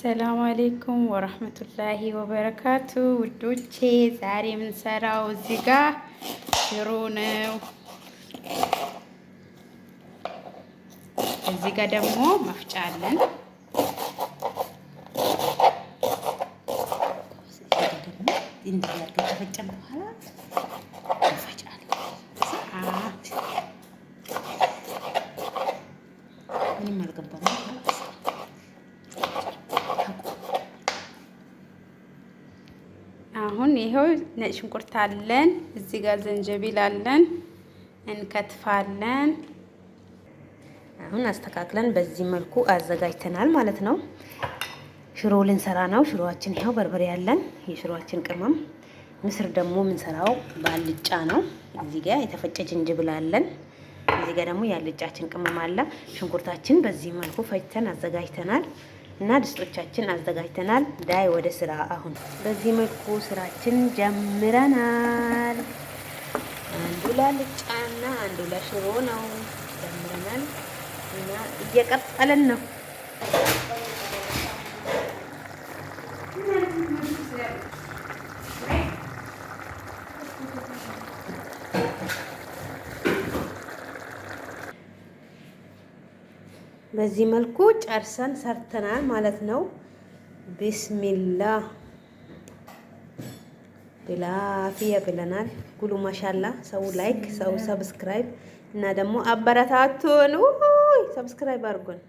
አሰላሙ አሌይኩም ወረህመቱላሂ ወበረካቱ ውዶቼ፣ ዛሬ የምንሰራው እዚህ ጋር ሽሮ ነው። እዚህ ጋር ደግሞ መፍጫ አለን። ከፈጨን በኋላ እንፈጫለን። ምንም አልገባንም። አሁን ይኸው ነጭ ሽንኩርት አለን፣ እዚህ ጋር ዘንጀቢል አለን፣ እንከትፋለን። አሁን አስተካክለን በዚህ መልኩ አዘጋጅተናል ማለት ነው። ሽሮ ልንሰራ ነው። ሽሮአችን ይኸው በርበሬ ያለን የሽሮአችን ቅመም፣ ምስር ደግሞ የምንሰራው ባልጫ ነው። እዚህ ጋር የተፈጨ ዝንጅብል አለን። እዚህ ጋር ደግሞ ያልጫችን ቅመም አለ። ሽንኩርታችን በዚህ መልኩ ፈጭተን አዘጋጅተናል። እና ድስቶቻችን አዘጋጅተናል። ዳይ ወደ ስራ አሁን በዚህ መልኩ ስራችን ጀምረናል። አንዱ እና አንዱ ለሽሮ ነው ጀምረናል እና እየቀጠለን ነው። Thank you. በዚህ መልኩ ጨርሰን ሰርተናል ማለት ነው። ቢስሚላ ብላፊያ ብለናል። ጉሉ ማሻላ ሰው ላይክ፣ ሰው ሰብስክራይብ እና ደግሞ አበረታቱን። ሰብስክራይብ አድርጎን